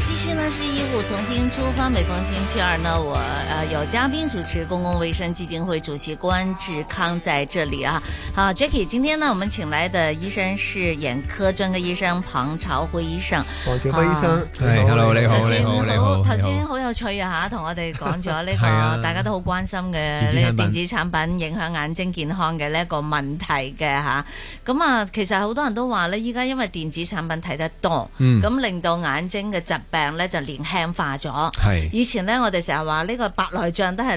繼續呢是《醫路重新出發》，每逢星期二呢，我呃有嘉賓主持，公共衛生基金會主席關志康在這裏啊。好、啊、Jackie 今天呢，我們請來的醫生是眼科專科醫生龐朝輝醫生。龐朝輝醫生，係、啊 hey,，Hello，你好，你好，你好，頭先好，好有趣啊，吓，同我哋講咗呢、這個 大家都好關心嘅呢個電子產品影響眼睛健康嘅呢一個問題嘅吓。咁啊，其實好多人都話呢依家因為電子產品睇得多，嗯，咁令到眼睛嘅疾。病咧就年輕化咗，以前呢，我哋成日話呢個白內障都係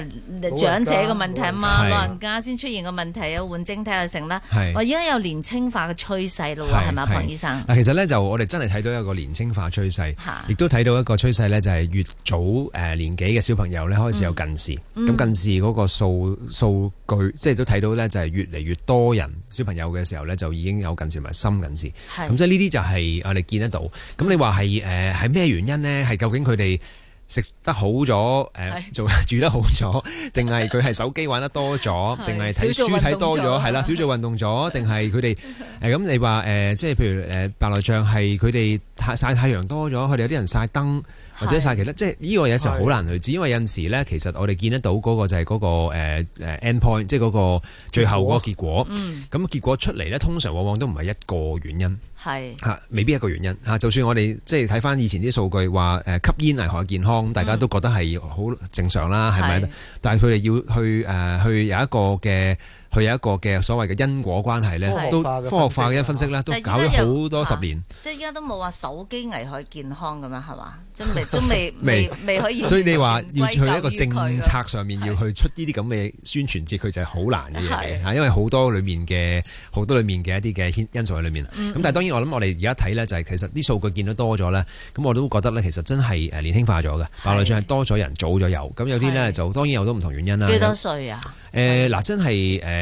長者嘅問題啊嘛，老人家先出現嘅問題啊，換晶體就成啦。我而家有年輕化嘅趨勢咯，係咪啊，龐醫生？其實呢，就我哋真係睇到一個年輕化趨勢，亦都睇到一個趨勢呢，就係越早誒年紀嘅小朋友呢，開始有近視，咁、嗯、近視嗰個數數、嗯、據即係都睇到呢，就係越嚟越多人小朋友嘅時候呢，就已經有近視同埋深近視，咁即係呢啲就係我哋見得到。咁你話係誒係咩原因？原因呢，係究竟佢哋食得好咗，誒，做住得好咗，定係佢係手機玩得多咗，定係睇書睇多咗，係啦，少做運動咗，定係佢哋誒？咁你話誒，即係譬如誒，白內障係佢哋太曬太陽多咗，佢哋有啲人曬燈。或者曬其他，即係呢個嘢就好難去知，因為有陣時咧，其實我哋見得到嗰個就係嗰、嗰個誒、uh, end point，即係嗰個最後嗰個結果。咁、嗯、結結果出嚟咧，通常往往都唔係一個原因。係、啊。未必一個原因、啊、就算我哋即係睇翻以前啲數據，話誒吸煙危害健康，嗯、大家都覺得係好正常啦，係咪？但係佢哋要去誒、呃、去有一個嘅。佢有一個嘅所謂嘅因果關係咧，都科學化嘅分析咧，都搞咗好多十年。啊、即係而家都冇話手機危害健康咁樣係嘛？即係未，未未未可以。所以你話要去一個政策上面要去出呢啲咁嘅宣傳節，佢就係、是、好難嘅嘢嚇，因為好多裡面嘅好多裡面嘅一啲嘅因素喺裏面。咁、嗯嗯、但係當然我諗我哋而家睇咧，就係、是、其實啲數據見得多咗咧，咁我都覺得咧，其實真係誒年輕化咗嘅，話嚟講係多咗人，早咗有咁有啲咧就當然有好多唔同原因啦。幾多歲啊？誒、呃、嗱，真係誒。呃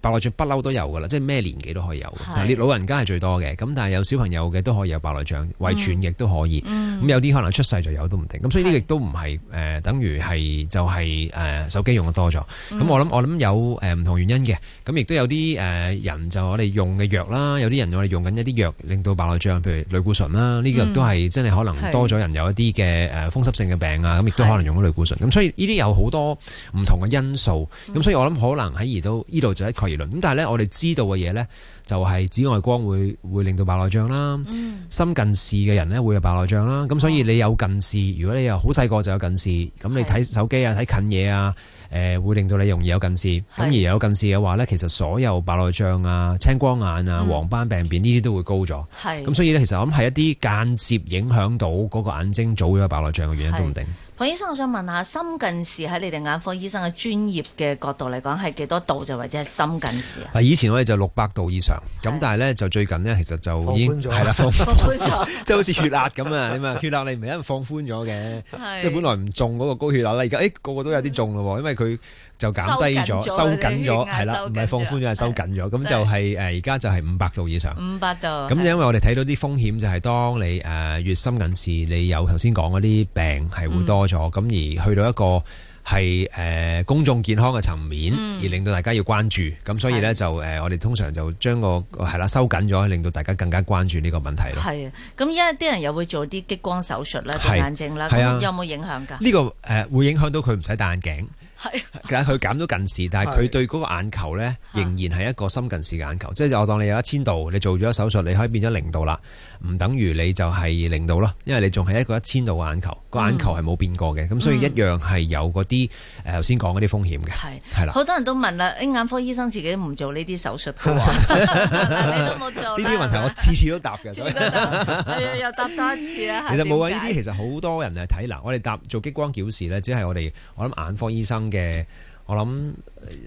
白內障不嬲都有㗎喇，即係咩年紀都可以有，老人家係最多嘅，咁但係有小朋友嘅都可以有白內障，遺傳亦都可以，咁、嗯、有啲可能出世就有都唔定，咁、嗯、所以呢亦都唔係誒，等於係就係、是、誒、呃、手機用得多咗，咁、嗯、我諗我諗有誒唔、呃、同原因嘅，咁亦都有啲誒、呃、人就我哋用嘅藥啦，有啲人我哋用緊一啲藥令到白內障，譬如類固醇啦，呢、嗯這個都係真係可能多咗人有一啲嘅誒風濕性嘅病啊，咁亦都可能用咗類固醇，咁所以呢啲有好多唔同嘅因素，咁、嗯、所以我諗可能喺而都呢度。就是、一概而論咁，但係咧，我哋知道嘅嘢咧，就係紫外光會會令到白內障啦。心、嗯、深近視嘅人咧會有白內障啦。咁、哦、所以你有近視，如果你又好細個就有近視，咁、嗯、你睇手機啊、睇近嘢啊，誒、呃，會令到你容易有近視。咁而有近視嘅話咧，其實所有白內障啊、青光眼啊、嗯、黃斑病變呢啲都會高咗。係。咁所以咧，其實我諗係一啲間接影響到嗰個眼睛早咗白內障嘅原因都唔定。龐醫生，我想問下，深近視喺你哋眼科醫生嘅專業嘅角度嚟講，係幾多度就或者係深近視啊？啊，以前我哋就六百度以上，咁但係咧就最近咧，其實就已經放寬咗，係啦，放寬咗，即係 好似血壓咁啊，血壓你唔係因為放寬咗嘅，即係本來唔中嗰個高血壓啦，而家誒個個都有啲中咯喎，因為佢。就減低咗，收緊咗，係啦，唔係放寬咗，係收緊咗。咁就係誒，而家就係五百度以上。五百度。咁因為我哋睇到啲風險，就係當你誒越深近視，你有頭先講嗰啲病係會多咗，咁而去到一個係誒公眾健康嘅層面，而令到大家要關注。咁所以咧就誒，我哋通常就將個係啦收緊咗，令到大家更加關注呢個問題咯。係啊，咁而家啲人又會做啲激光手術咧，對眼睛啦，有冇影響噶？呢個誒會影響到佢唔使戴眼鏡。係，佢減咗近視，但係佢對嗰個眼球咧，仍然係一個深近視眼球。即係我當你有一千度，你做咗手術，你可以變咗零度啦，唔等於你就係零度咯，因為你仲係一個一千度嘅眼球，個眼球係冇變過嘅，咁所以一樣係有嗰啲誒頭先講嗰啲風險嘅。係，係啦。好多人都問啦，眼科醫生自己唔做呢啲手術嘅話，你都冇做呢啲問題，我次次都答嘅，又答多一次啦。其實冇呀呢啲，其實好多人嚟睇嗱，我哋答做激光矯視咧，只係我哋我諗眼科醫生。嘅。我諗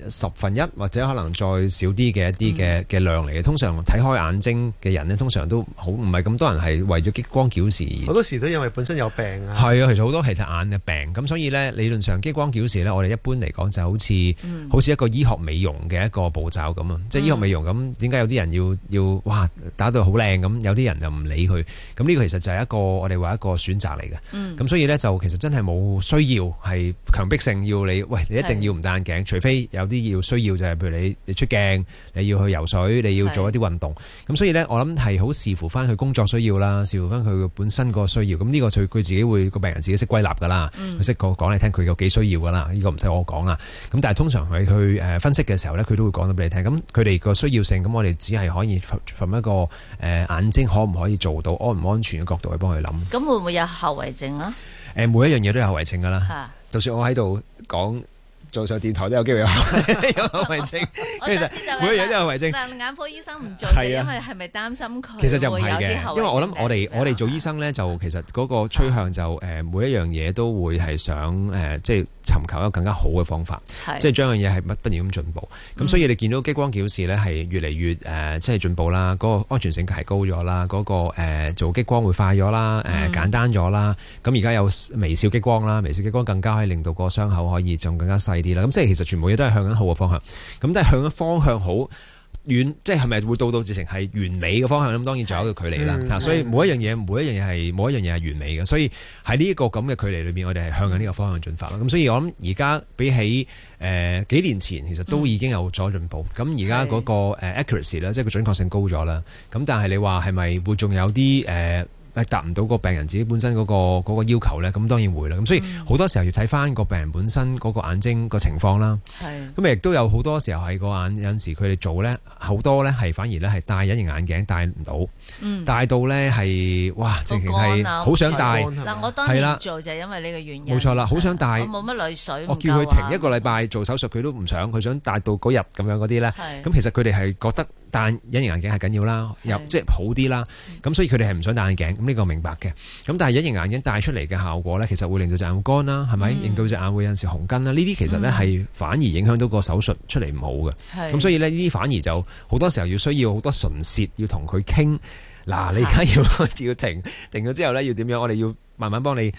十分一或者可能再少啲嘅，一啲嘅嘅量嚟嘅，通常睇開眼睛嘅人呢，通常都好唔係咁多人係為咗激光矯視。好多時都因為本身有病啊。係啊，其實好多其實眼嘅病，咁所以呢理論上激光矯視呢，我哋一般嚟講就係好似好似一個醫學美容嘅一個步驟咁啊，即係醫學美容咁，點解有啲人要要哇打到好靚咁，有啲人又唔理佢，咁呢個其實就係一個我哋話一個選擇嚟嘅。嗯。咁所以呢就其實真係冇需要係強迫性要你喂，你一定要唔得。眼鏡，除非有啲要需要，就係譬如你你出鏡，你要去游水，你要做一啲運動，咁所以呢，我諗係好視乎翻佢工作需要啦，視乎翻佢本身個需要。咁呢個佢佢自己會個病人自己識歸納噶啦，佢識個講嚟聽佢有幾需要噶啦，呢個唔使我講啦。咁但係通常係佢誒分析嘅時候呢，佢都會講到俾你聽。咁佢哋個需要性，咁我哋只係可以從一個誒眼睛可唔可以做到安唔安全嘅角度去幫佢諗。咁會唔會有後遺症啊？誒，每一樣嘢都有後遺症噶啦，就算我喺度講。做上電台都有機會有後遺症， 其實每一樣都有後遺症。眼科醫生唔做、係啊，因為係咪擔心佢？其實就唔係嘅，因為我諗我哋、嗯、我哋做醫生咧，就其實嗰個趨向就誒，每一樣嘢都會係想誒，即、呃、係、就是、尋求一個更加好嘅方法，即係將樣嘢係不不斷咁進步。咁所以你見到激光矯視咧係越嚟越誒，即、呃、係、就是、進步啦，嗰、嗯，那個安全性提高咗啦，嗰、那個做、呃、激光會快咗啦，誒、呃、簡單咗啦。咁而家有微笑激光啦，微笑激光更加可以令到個傷口可以仲更加細。咁即係其實全部嘢都係向緊好嘅方向，咁都係向緊方向好遠，即係係咪會到到直情係完美嘅方向？咁當然仲有一個距離啦、嗯。所以每一樣嘢、嗯，每一樣嘢係冇一樣嘢係完美嘅，所以喺呢個咁嘅距離裏邊，我哋係向緊呢個方向進發啦。咁所以我諗而家比起誒、呃、幾年前，其實都已經有咗進步。咁而家嗰個誒 accuracy 咧、嗯，即係個準確性高咗啦。咁但係你話係咪會仲有啲誒？呃誒達唔到個病人自己本身嗰個嗰個要求咧，咁當然會啦。咁所以好多時候要睇翻個病人本身嗰個眼睛個情況啦。係，咁亦都有好多時候係個眼有陣時佢哋做咧好多咧係反而咧係戴隱形眼鏡戴唔到，嗯，戴到咧係哇，直情係好想戴。嗱，我當年做就係因為呢個原因，冇錯啦，好想戴，我冇乜淚水。我叫佢停一個禮拜做手術，佢都唔想，佢想戴到嗰日咁樣嗰啲咧。係，咁其實佢哋係覺得戴隱形眼鏡係緊要啦，又即係好啲啦。咁所以佢哋係唔想戴眼鏡。呢、這個明白嘅，咁但係隱形眼鏡戴出嚟嘅效果呢，其實會令到隻眼乾啦，係咪？嗯、令到隻眼會有陣時紅筋啦，呢啲其實呢，係、嗯、反而影響到個手術出嚟唔好嘅。咁所以呢，呢啲反而就好多時候要需要好多唇舌要同佢傾。嗱，你而家要要停停咗之後呢，要點樣？我哋要慢慢幫你。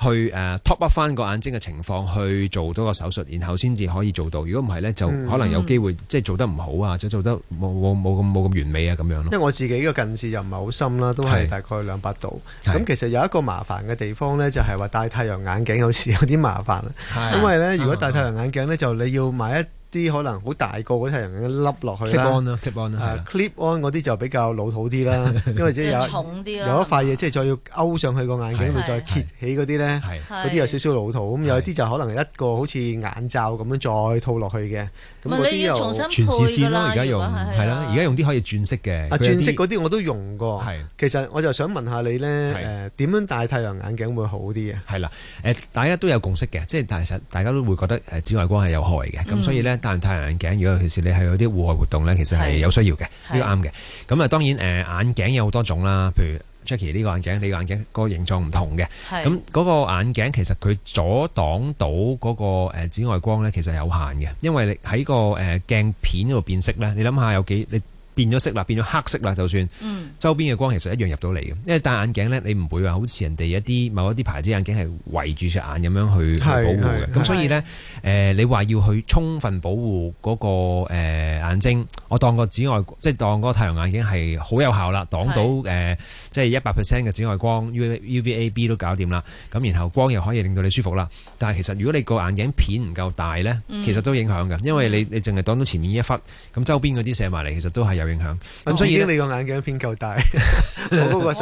去誒 top up 翻個眼睛嘅情況去做多個手術，然後先至可以做到。如果唔係呢，就可能有機會即係、um. 做得唔好啊，即做得冇冇冇咁冇咁完美啊咁樣咯。因為我自己個近視又唔係好深啦，都係大概兩百度。咁其實有一個麻煩嘅地方呢，就係話戴太陽眼鏡好似有啲麻煩、啊，因為呢，如果戴太陽眼鏡呢，就你要買一。啲可能好大個嗰啲太陽眼鏡凹落去啦，Clip on 啦 Clip on 啦，Clip on 嗰啲就比較老土啲啦， 因為即係有一有一塊嘢即係再要勾上去個眼鏡度再揭起嗰啲咧，嗰啲有少少老土，咁有啲就可能一個好似眼罩咁樣再套落去嘅，咁嗰啲又全視線啦，而家用係啦，而家、啊啊、用啲可以轉色嘅，啊轉色嗰啲我都用過，其實我就想問下你咧，誒點、呃、樣戴太陽眼鏡會好啲嘅？係啦，誒、呃、大家都有共識嘅，即係其實大家都會覺得誒紫外光係有害嘅，咁、嗯、所以咧。戴完太陽眼鏡，如果尤其是你係有啲戶外活動咧，其實係有需要嘅，呢個啱嘅。咁啊，當然誒眼鏡有好多種啦，譬如 Jackie 呢個眼鏡，你個眼鏡個形狀唔同嘅，咁嗰個眼鏡其實佢阻擋到嗰個誒紫外光咧，其實係有限嘅，因為喺個誒鏡片嗰度變色咧，你諗下有幾你。變咗色啦，變咗黑色啦，就算周邊嘅光其實一樣入到嚟嘅，因為戴眼鏡呢，你唔會話好似人哋一啲某一啲牌子眼鏡係圍住隻眼咁樣去保護嘅，咁所以呢，呃、你話要去充分保護嗰、嗰個、呃、眼睛，我當個紫外即係、即係、當嗰個太陽眼鏡係好有效啦，擋到即係一百 percent 嘅紫外光 U UVA B 都搞掂啦，咁然後光又可以令到你舒服啦。但係其實如果你個眼鏡片唔夠大呢，其實都影響嘅，因為你你淨係擋到前面一忽，咁周邊嗰啲射埋嚟，其實都係。有影響，咁所以依你個眼鏡偏夠大，我呢個唔夠。其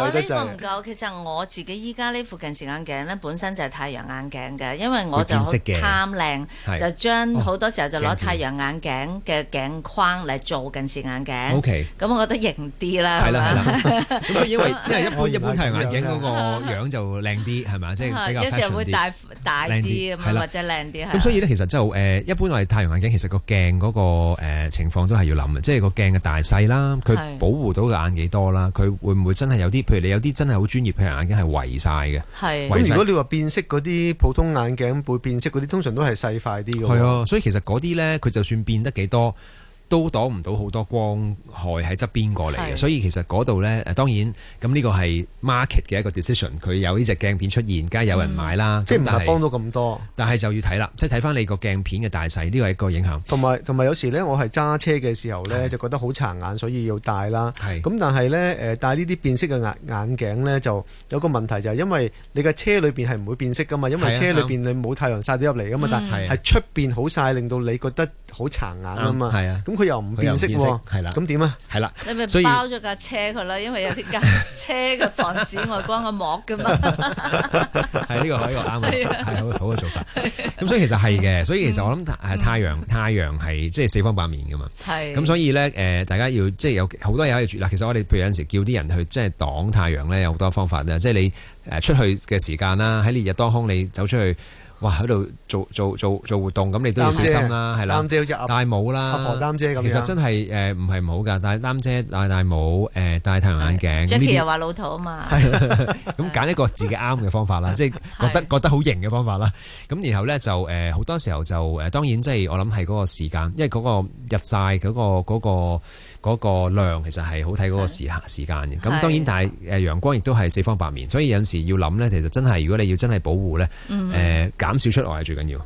實我自己依家呢副近視眼鏡咧，本身就係太陽眼鏡嘅，因為我就貪靚，就將好多時候就攞太陽眼鏡嘅鏡框嚟做近視眼鏡。O K，咁我覺得型啲啦，係嘛？咁所以因為因為一般一般太陽眼鏡嗰個樣就靚啲，係咪？即係有時候會戴大啲咁，或者靚啲係。咁所以咧，其實就誒，一般我係太陽眼鏡，其實個鏡嗰個誒情況都係要諗嘅，即係個鏡嘅大。細啦，佢保護到嘅眼幾多啦，佢會唔會真係有啲？譬如你有啲真係好專業，譬如眼鏡係圍晒嘅。係。圍光，如果你話變色嗰啲普通眼鏡會變色嗰啲，通常都係細塊啲嘅。係啊，所以其實嗰啲咧，佢就算變得幾多，都擋唔到好多光害喺側邊過嚟嘅，所以其實嗰度呢，呃，當然咁呢個係 market 嘅一個 decision，佢有呢隻鏡片出現，梗係有人買啦。即係唔係幫到咁多？但係就要睇啦，即係睇翻你個鏡片嘅大細，呢個係一個影響。同埋同埋有時呢，我係揸車嘅時候呢，就覺得好殘眼，所以要戴啦。咁，但係呢，呃、戴呢啲變色嘅眼眼鏡呢就有個問題，就係因為你嘅車裏面係唔會變色噶嘛，因為車裏面的的你冇太陽曬到入嚟㗎嘛，但係係出面好曬，令到你覺得好殘眼啊嘛。啊，佢又唔變色喎，係啦，咁點啊？係啦，你咪包咗架車佢啦，因為有啲架車嘅防止外光嘅膜噶嘛。係 呢、 呢個係一、呢個啱啊，係好好嘅做法。咁所以其實係嘅，所以其實我諗太陽，嗯、太陽係即係四方八面噶嘛。係咁，所以咧誒、呃，大家要即係有好多嘢可以住啦。其實我哋譬如有陣時叫啲人去即係擋太陽咧，有好多方法咧。即係你誒出去嘅時間啦，喺烈日當空你走出去。哇！喺度做做做做活動，咁你都要小心啦，係啦。擔遮好似阿帶帽啦，阿婆擔遮咁樣。其實真係誒，唔係冇噶，帶擔遮、帶帶帽、誒帶太陽眼鏡。Jackie 又話老土啊嘛。係啦，咁揀一個自己啱嘅方法啦，即係覺得覺得好型嘅方法啦。咁然後咧就誒，好多時候就誒，當然即係我諗係嗰個時間，因為嗰個日晒嗰個嗰個。嗰、那個量其實係好睇嗰個時時間嘅，咁當然，但係陽光亦都係四方八面，所以有陣時要諗咧，其實真係如果你要真係保護咧，誒、呃、減少出外係最緊要。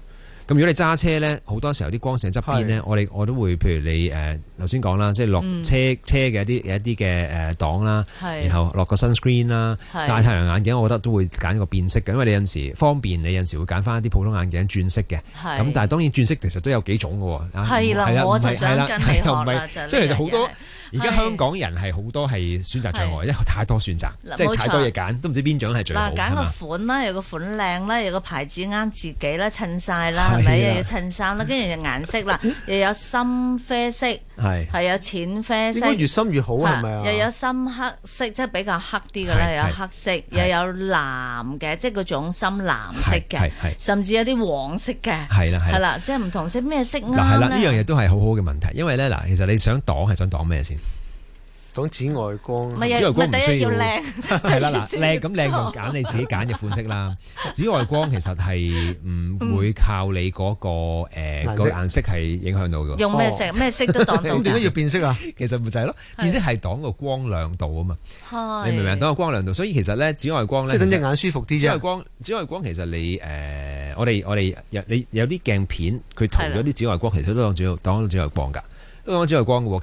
咁如果你揸車呢，好多時候啲光線側邊呢，我哋我都會譬如你誒頭先講啦，即係落車、嗯、車嘅一啲一啲嘅誒擋啦，然後落個 sunscreen 啦，戴太陽眼鏡，我覺得都會揀個變色嘅，因為你有陣時方便，你有陣時會揀返一啲普通眼鏡，轉色嘅。咁但係當然轉色其實都有幾種嘅喎。係啦，我就想跟你學啦，真係。即係、就是、其實好多而家香港人係好多係選擇障礙，因為太多選擇，即係太多嘢揀，都唔知邊種係最好。嗱，揀個款啦，有個款靚啦，有個牌子啱自己啦，襯曬啦。係咪啊？ 又要襯衫啦，跟住就顏色啦，又有深啡色，係，係有淺啡色。是應該越深越好啊？係咪啊？又有深黑色，即係比較黑啲嘅咧，又有黑色，是又有藍嘅，即係嗰種深藍色嘅，甚至有啲黃色嘅，係啦係啦，即係唔同色咩色啱咧？係啦，呢樣嘢都係好好嘅問題，因為咧嗱，其實你想擋係想擋咩先？講紫外光，紫外光唔需要靚。係啦，嗱，靚咁靚就揀你自己揀嘅款式啦。紫外光其實係唔會靠你嗰個誒個顏色係影響到嘅。用咩色？咩色都擋到。點解要變色啊？其實咪就係咯，變色係擋個光亮度啊嘛。係。你明唔明？擋個光亮度，所以其實咧，紫外光咧，即係等隻眼舒服啲啫。紫外光，紫外光其實你誒，我哋我哋有你有啲鏡片，佢塗咗啲紫外光，其實都當主要擋紫外光噶。都講紫外線嘅，其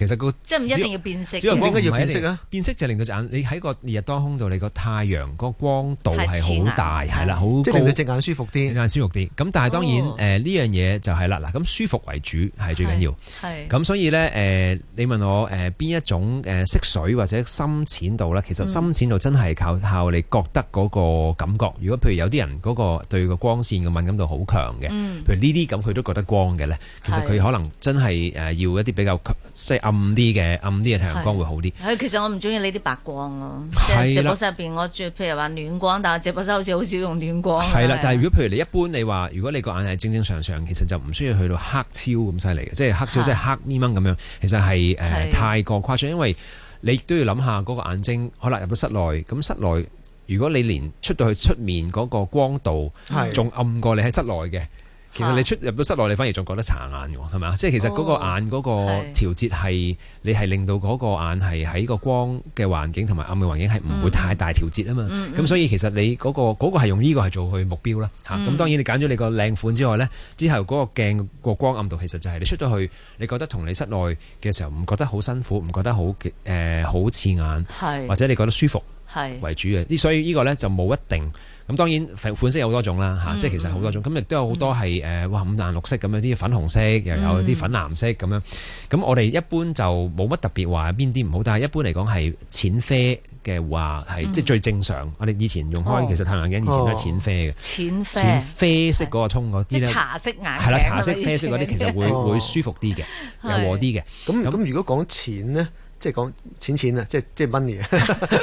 實個即係唔一定要變色。紫外線應該要變色啊！變色就令到隻眼，你喺個烈日當空度，你個太陽個光度係好大，係啦，好即係令到隻眼舒服啲，隻眼舒服啲。咁但係當然，誒、哦、呢、呃、樣嘢，就係啦，嗱，咁舒服為主係最緊要。係咁所以咧，誒、呃、你問我，誒、呃、邊一種誒色水或者深淺度咧？其實深淺度真係靠靠你覺得嗰個感覺、嗯。如果譬如有啲人嗰個對個光線嘅敏感度好強嘅，譬如呢啲咁，佢都覺得光嘅咧，其實佢可能真係誒要一啲比較。就即係暗啲嘅，暗啲嘅太陽光會好啲。係，其實我唔中意呢啲白光咯。係啦，入邊我最譬如話暖光，但係直播室好似好少用暖光。係啦，但係如果譬如你一般你話，如果你個眼係正正常常，其實就唔需要去到黑超咁犀利嘅，即係黑超即係黑眯掹咁樣。其實係誒太過誇張，因為你都要諗下嗰個眼睛，可能，入到室內，咁室內，如果你連出到去出面嗰個光度係仲暗過你喺室內嘅。其實你出入到室內、啊，你反而仲覺得擦眼㗎，係咪？即、哦、係其實嗰個眼嗰個調節係，你係令到嗰個眼係喺個光嘅環境同埋暗嘅環境係唔會太大調節啊嘛。咁、嗯嗯嗯、所以其實你嗰個嗰個係用呢個係做佢目標啦。吓、嗯，咁、啊、當然你揀咗你個靚款之外呢，之後嗰個鏡個光暗度其實就係你出咗去，你覺得同你室內嘅時候唔覺得好辛苦，唔覺得好誒好刺眼，或者你覺得舒服。為主嘅，啲所以呢個咧就冇一定。咁當然款式有好多種啦，吓，即係其實好多種。咁亦都有好多係誒，哇、呃，五顏六色咁樣啲粉紅色，又有啲粉藍色咁樣。咁、嗯、我哋一般就冇乜特別話邊啲唔好，但係一般嚟講係淺啡嘅話係即係最正常。我哋以前用開其實太陽眼鏡以前都係淺啡嘅，淺、哦哦、啡、啡、啡色嗰、那個蔥嗰啲咧，茶色眼鏡係啦，茶色啡色嗰啲其實會、哦、會舒服啲嘅，柔和啲嘅。咁咁如果講淺呢？即係講錢錢啊！即係即係 money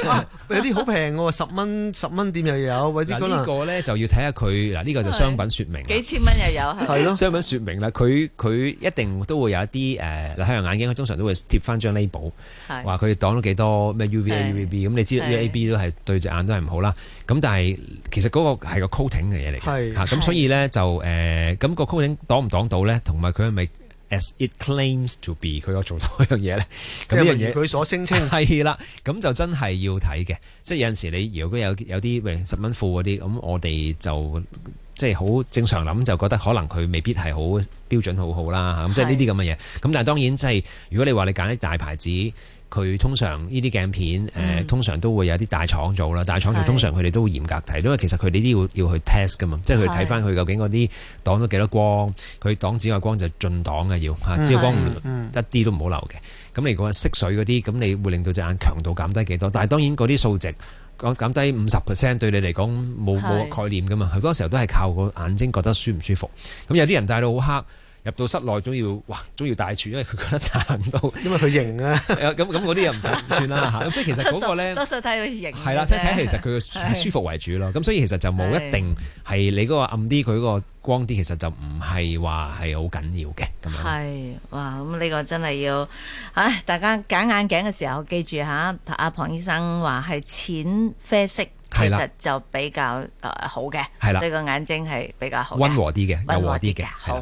啊！ 有啲好平喎，十蚊十蚊店又有。嗱、這個、呢個咧就要睇下佢嗱呢個就商品說明。幾千蚊又有係咯？商品說明啦，佢佢一定都會有一啲誒嗱，太陽、呃、眼鏡佢通常都會貼翻張 label，話佢擋咗幾多咩 UV、UVB 咁。UVA，你知道呢 A、B 都係對隻眼都係唔好啦。咁但係其實嗰個係個 coating 嘅嘢嚟，咁、啊、所以咧就誒咁、呃、個 coating 擋唔擋到咧？同埋佢係咪？As it claims to be，佢有做到一樣嘢咧，咁樣嘢佢所聲稱係啦，咁就真係要睇嘅。即係有陣時你，如果有有啲喂十蚊褲嗰啲，咁我哋就即係好正常諗，就覺得可能佢未必係好標準好，好好啦。咁即係呢啲咁嘅嘢。咁但係當然即係如果你話你揀啲大牌子。佢通常呢啲鏡片，誒、呃、通常都會有啲大廠做啦。嗯、大廠做通常佢哋都會嚴格睇，因為其實佢哋啲要要去 test 㗎嘛，是即係佢睇翻佢究竟嗰啲擋咗幾多光，佢擋紫外光就盡擋嘅要，紫外光唔一啲都唔好留嘅。咁你如果色水嗰啲，咁你會令到隻眼強度減低幾多？但係當然嗰啲數值講減低五十 percent 對你嚟講冇冇概念㗎嘛？好多時候都係靠個眼睛覺得舒唔舒服。咁有啲人戴到好黑。入到室內，總要哇，總要戴住，因為佢覺得撐到，因為佢型啊。咁咁嗰啲又唔算啦吓。咁 所以其實嗰個咧，多數睇佢型係啦，睇睇其實佢舒服為主咯。咁所以其實就冇一定係你嗰個暗啲，佢個光啲，其實就唔係話係好緊要嘅咁樣。係哇，咁呢個真係要，唉，大家揀眼鏡嘅時候記住吓，阿龐醫生話係淺啡色，其實就比較好嘅，係啦，對個眼睛係比較好，溫和啲嘅，溫和啲嘅，好。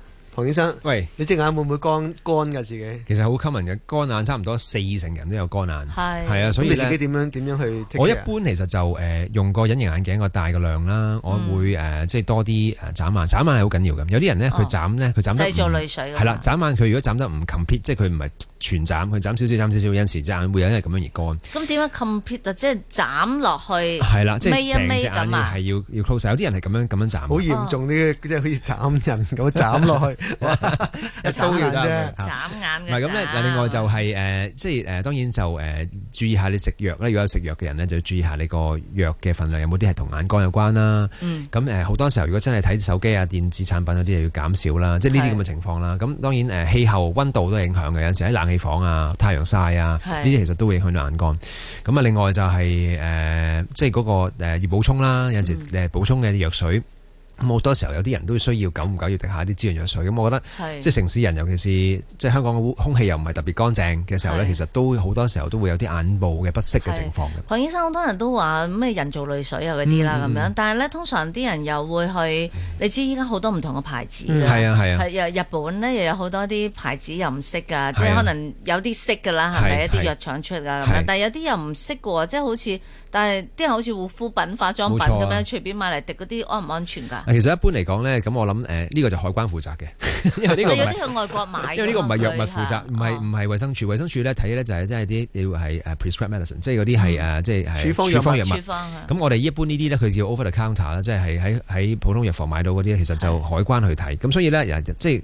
彭醫生，喂，你隻眼會唔會乾乾㗎？自己其實好 common 嘅乾眼，差唔多四成人都有乾眼，係啊，所以你自己點樣點樣去？我一般其實就誒、呃、用個隱形眼鏡個戴嘅量啦，嗯、我會誒、呃、即係多啲誒眨眼，眨眼係好緊要嘅。有啲人咧佢眨咧佢眨，製造淚水係啦，眨眼佢如果眨得唔 complete，即係佢唔係全眨，佢眨少少眨少少，有陣時隻眼會因為咁樣而乾。咁點樣 complete 啊？即係眨落去係啦，即係成隻眼係要要 close。有啲人係咁樣咁樣眨，好嚴重啲即係好似眨人咁眨落去。 一粗要啫，眨眼嘅咁咧，嗱，另外就係、是呃、即係誒、呃，當然就誒、呃，注意下你食藥咧。如果有食藥嘅人咧，就要注意下你個藥嘅份量有冇啲係同眼乾有關啦。咁、嗯、好、呃、多時候，如果真係睇手機啊、電子產品嗰啲，就要減少啦。即係呢啲咁嘅情況啦。咁當然誒、呃，氣候溫度都係影響嘅。有時喺冷氣房啊、太陽曬啊，呢啲其實都會影響到眼乾。咁啊，另外就係、是、誒、呃，即係、那、嗰個、呃、要補充啦。有時誒補充嘅藥水。嗯咁好多時候有啲人都需要久唔久要滴一下啲滋潤藥水，咁我覺得即係城市人，尤其是即係香港嘅空氣又唔係特別乾淨嘅時候咧，其實都好多時候都會有啲眼部嘅不適嘅情況嘅。龐醫生，好多人都話咩人造淚水啊嗰啲啦咁樣，嗯、但係咧通常啲人又會去，你知依家好多唔同嘅牌子嘅，係、嗯、啊係啊，日本咧又有好多啲牌子又唔識㗎、啊，即係可能有啲識㗎啦，係咪一啲藥廠出㗎咁樣？但係有啲又唔識喎，即係好似。但係啲人好似護膚品、化妝品咁樣，啊、隨便買嚟滴嗰啲安唔安全㗎？其實一般嚟講咧，咁我諗誒呢個就海關負責嘅。 因為呢個有啲去外國買， 因為呢個唔係藥物負責，唔係唔係衞生署。衞、哦、生署咧睇咧就係即係啲要係 prescribed medicine，即係嗰啲係誒即係處方藥物。處方藥物。咁、啊、我哋一般呢啲咧，佢叫 over the counter 啦，即係喺喺普通藥房買到嗰啲，其實就海關去睇。咁所以咧，即係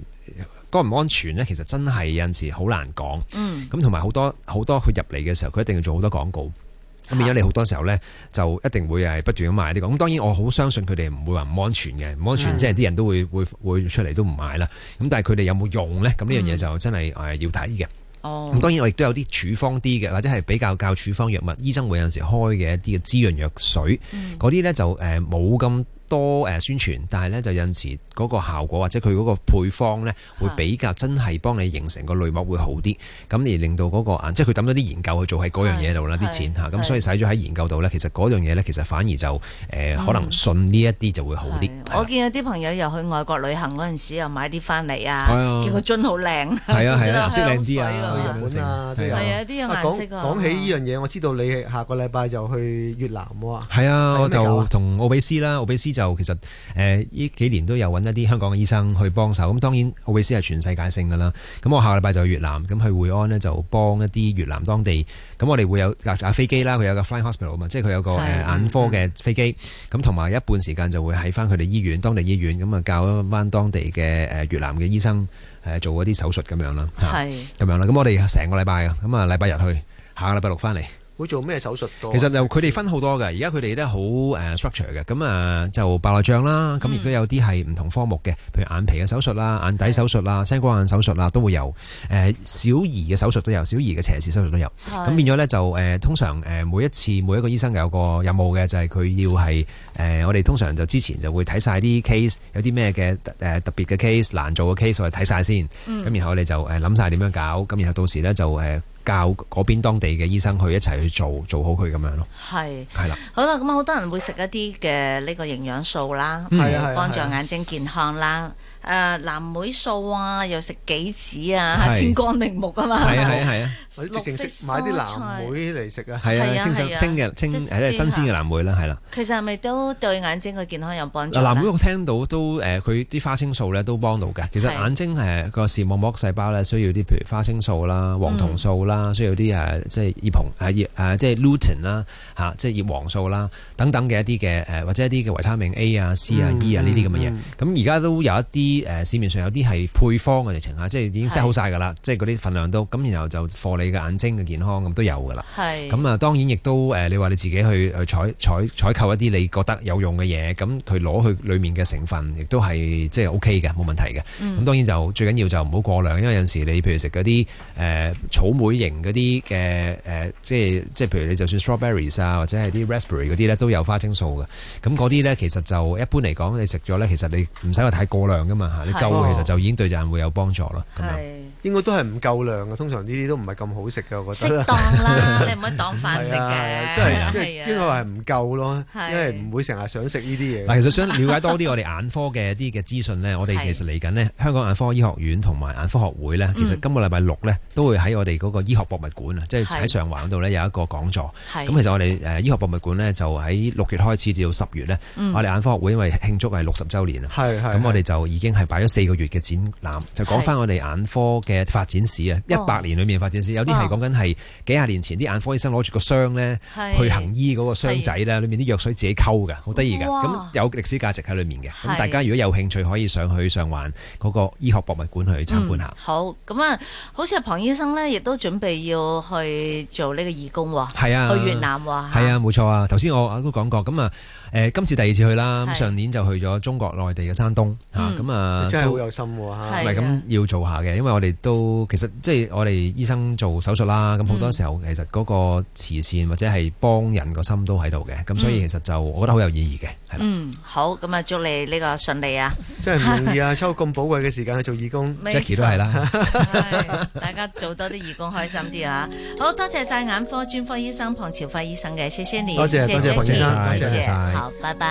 安唔安全咧，其實真係有陣時好難講。咁同埋好多好多佢入嚟嘅時候，佢一定要做好多廣告。咁變咗你好多時候咧，就一定會係不斷咁買呢個。咁當然我好相信佢哋唔會話唔安全嘅，唔安全即係啲人都會會會出嚟都唔買啦。咁但係佢哋有冇用咧？咁呢樣嘢就真係誒要睇嘅。哦。咁當然我亦都有啲處方啲嘅，或者係比較比較處方藥物，醫生會有陣時開嘅一啲嘅滋潤藥水，嗰啲咧就誒冇咁。多誒宣傳，但係咧就因此嗰個效果或者佢嗰個配方咧，會比較真係幫你形成個淚膜會好啲，咁而令到嗰個眼，即係佢抌咗啲研究去做喺嗰樣嘢度啦，啲錢吓，咁所以使咗喺研究度咧，其實嗰樣嘢咧，其實反而就誒可能信呢一啲就會好啲。我見有啲朋友又去外國旅行嗰陣時又買啲翻嚟啊，見個樽好靚，係啊係啊，顏色靚啲啊，日本啊，啲有顏色，講起呢樣嘢，我知道你下個禮拜就去越南喎。係啊，我就同奧比斯啦，奧比斯。就其實誒，呢、呃、幾年都有揾一啲香港嘅醫生去幫手。咁當然，奧比斯係全世界性噶啦。咁我下個禮拜就去越南，咁去會安呢就幫一啲越南當地。咁我哋會有架，啊啊、飛機啦，佢有個 Flying Hospital 個啊嘛，即係佢有個眼科嘅飛機。咁同埋一半時間就會喺翻佢哋醫院，當地醫院咁啊教一班當地嘅誒越南嘅醫生誒做嗰啲手術咁樣啦。咁樣啦。咁我哋成個禮拜啊，咁啊禮拜日去，下個禮拜六翻嚟。會做咩手術多？其實佢哋分好多嘅，而家佢哋咧好誒 structure 嘅，咁啊就白內障啦，咁亦都有啲係唔同科目嘅，譬、嗯、如眼皮嘅手術啦、眼底手術啦、青光眼手術啦，都會有。誒、呃，小兒嘅手術都有，小兒嘅斜視手術都有。咁變咗呢，就誒、呃，通常誒、呃、每一次每一個醫生有個任務嘅，就係、是、佢要係誒、呃，我哋通常就之前就會睇晒啲 case 有啲咩嘅誒特別嘅 case 難做嘅 case 我哋睇晒先，咁、嗯、然後我哋就誒諗晒點樣搞，咁、呃、然後到時呢，就、呃、誒。教嗰邊當地嘅醫生去一齊去做做好佢咁樣咯，係係啦，好啦，咁啊好多人會食一啲嘅呢個營養素啦，幫助眼睛健康啦。嗯誒、啊，藍莓素啊，又食杞子啊，清、啊、光明目啊嘛，係啊，係啊，啊啊綠色買啲藍莓嚟食啊，係啊，啊，清清嘅清誒，就是、清新鮮嘅藍莓啦，係啦、啊。其實係咪都對眼睛嘅健康有幫助、啊？藍莓我聽到都誒，佢、呃、啲花青素咧都幫到嘅。其實眼睛誒個視網膜細胞咧需要啲譬如花青素啦、黃酮素啦，嗯、需要啲誒即係葉紅葉即係 lutein 啦吓，即係葉黃素啦等等嘅一啲嘅誒或者一啲嘅維他命 A 啊、C 啊、E 啊呢啲咁嘅嘢。咁而家都有一啲。市面上有啲係配方嘅情況，即係已經 set 好晒噶啦，即係嗰啲份量都咁，然後就護你嘅眼睛嘅健康咁都有噶啦。咁啊，當然亦都誒，你話你自己去採採採採購一啲你覺得有用嘅嘢，咁佢攞去裏面嘅成分，亦都係即係 O K 嘅，冇問題嘅。咁當然就最緊要就唔好過量，因為有陣時候你譬如食嗰啲誒草莓型嗰啲嘅誒，即係即係譬如你就算 strawberries 啊，或者係啲 raspberry 嗰啲呢，都有花青素嘅。咁嗰啲呢，其實就一般嚟講，你食咗呢，其實你唔使話太過量噶嘛。你救，其實就已經對人會有幫助啦。咁樣應該都係唔夠量嘅，通常呢啲都唔係咁好食嘅，我覺得。適當啦，你唔可以當飯食嘅。係啊，即係即係呢個係唔夠咯，因為唔會成日想食呢啲嘢。嗱，其實想了解多啲我哋眼科嘅一啲嘅資訊咧，我哋其實嚟緊咧，香港眼科醫學院同埋眼科學會咧，其實今個禮拜六咧都會喺我哋嗰個醫學博物館啊，即係喺上環嗰度咧有一個講座。係。咁其實我哋誒醫學博物館咧就喺六月開始至到十月咧，我哋眼科學會因為慶祝係六十週年啊，係係。咁我哋就已經係擺咗四個月嘅展覽，就講返我哋眼科嘅。發展史啊，一百年裏面發展史。哦、有啲係講緊係幾廿年前啲眼科醫生攞住個箱咧，去行醫嗰個箱仔咧，裏面啲藥水自己溝噶，好得意噶，咁有歷史價值喺裏面嘅。咁大家如果有興趣，可以上去上環嗰個醫學博物館去參觀一下，嗯。好，咁啊，好似阿龐醫生咧，亦都準備要去做呢個義工，係啊，去越南，係啊，冇錯啊。頭先、啊、我都講過，咁啊，誒、呃，今次第二次去啦，咁上年就去咗中國內地嘅山東吓，咁、嗯、啊，真係好有心、啊，係咪咁要做下嘅？因為我哋。都其實即係我哋醫生做手術啦，咁好多時候其實嗰個慈善或者係幫人個心都喺度嘅，咁所以其實就我覺得好有意義嘅。嗯，好，咁啊祝你呢個順利啊！真係唔容易啊，抽咁寶貴嘅時間去做義工，Jackie 都係啦，大家做多啲義工開心啲啊！好多謝晒眼科專科醫生龐朝輝醫生嘅，謝謝你，多謝多謝龐醫生，多謝好，拜拜。